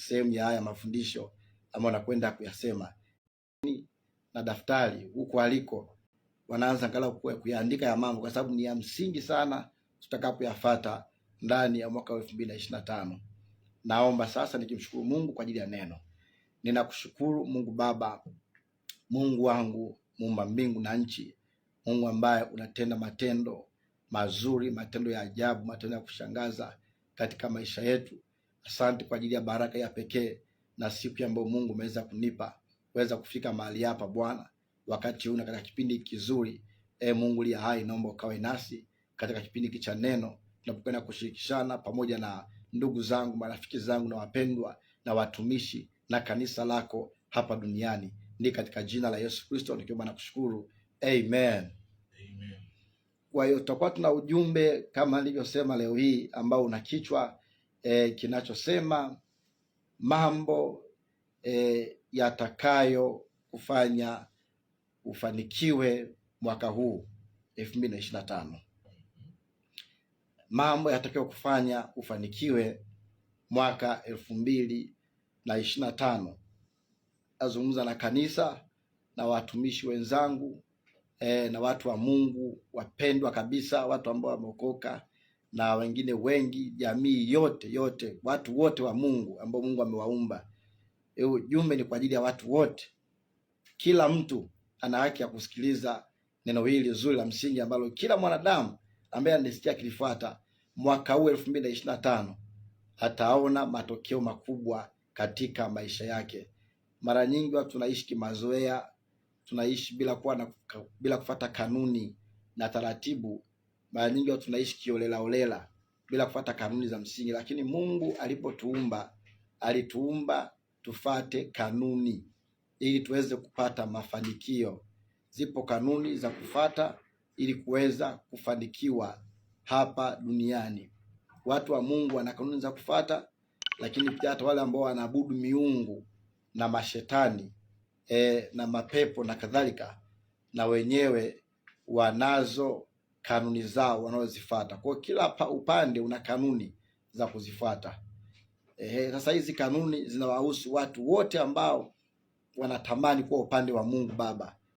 sehemu ya haya mafundisho ambayo nakwenda kuyasema na daftari huko aliko, wanaanza angalau kuyaandika ya mambo, kwa sababu ni ya msingi sana tutakapoyafata ndani ya mwaka wa elfu na na tano. Naomba sasa nikimshukuru Mungu kwa ajili ya neno. Ninakushukuru Mungu Baba, Mungu wangu, muumba mbingu na nchi, Mungu ambaye unatenda matendo mazuri, matendo ya ajabu, matendo ya kushangaza katika maisha yetu Asante kwa ajili ya baraka ya pekee na siku ambayo Mungu umeweza kunipa kuweza kufika mahali hapa Bwana, wakati huu na katika kipindi kizuri. E Mungu liya hai, naomba ukawe nasi katika kipindi cha neno tunapokwenda kushirikishana pamoja na ndugu zangu, marafiki zangu na wapendwa na watumishi na kanisa lako hapa duniani, ni katika jina la Yesu Kristo nikiomba na kushukuru amen. Amen. Kwa hiyo tutakuwa tuna ujumbe kama nilivyosema leo hii ambao una kichwa e, kinachosema mambo e, yatakayo kufanya ufanikiwe mwaka huu elfu mbili na ishirini na tano mambo yatakayo kufanya ufanikiwe mwaka elfu mbili na ishirini na tano nazungumza na kanisa na watumishi wenzangu e, na watu wa Mungu wapendwa kabisa, watu ambao wameokoka na wengine wengi, jamii yote yote, watu wote wa Mungu ambao Mungu amewaumba. E, ujumbe ni kwa ajili ya watu wote. Kila mtu ana haki ya kusikiliza neno hili zuri la msingi ambalo kila mwanadamu ambaye anisikia akilifuata mwaka huu elfu mbili na ishirini na tano ataona matokeo makubwa katika maisha yake. Mara nyingi watu tunaishi kimazoea, tunaishi bila kuwa na, bila kufuata kanuni na taratibu mara nyingi tunaishi kiolela olela bila kufuata kanuni za msingi, lakini Mungu alipotuumba alituumba tufate kanuni ili tuweze kupata mafanikio. Zipo kanuni za kufata ili kuweza kufanikiwa hapa duniani. Watu wa Mungu wana kanuni za kufata, lakini pia hata wale ambao wanaabudu miungu na mashetani e, na mapepo na kadhalika, na wenyewe wanazo kanuni zao wanazozifuata. Kwa kila upande una kanuni za kuzifuata. Ehe, sasa hizi kanuni zinawahusu watu wote ambao wanatamani kuwa upande wa Mungu Baba.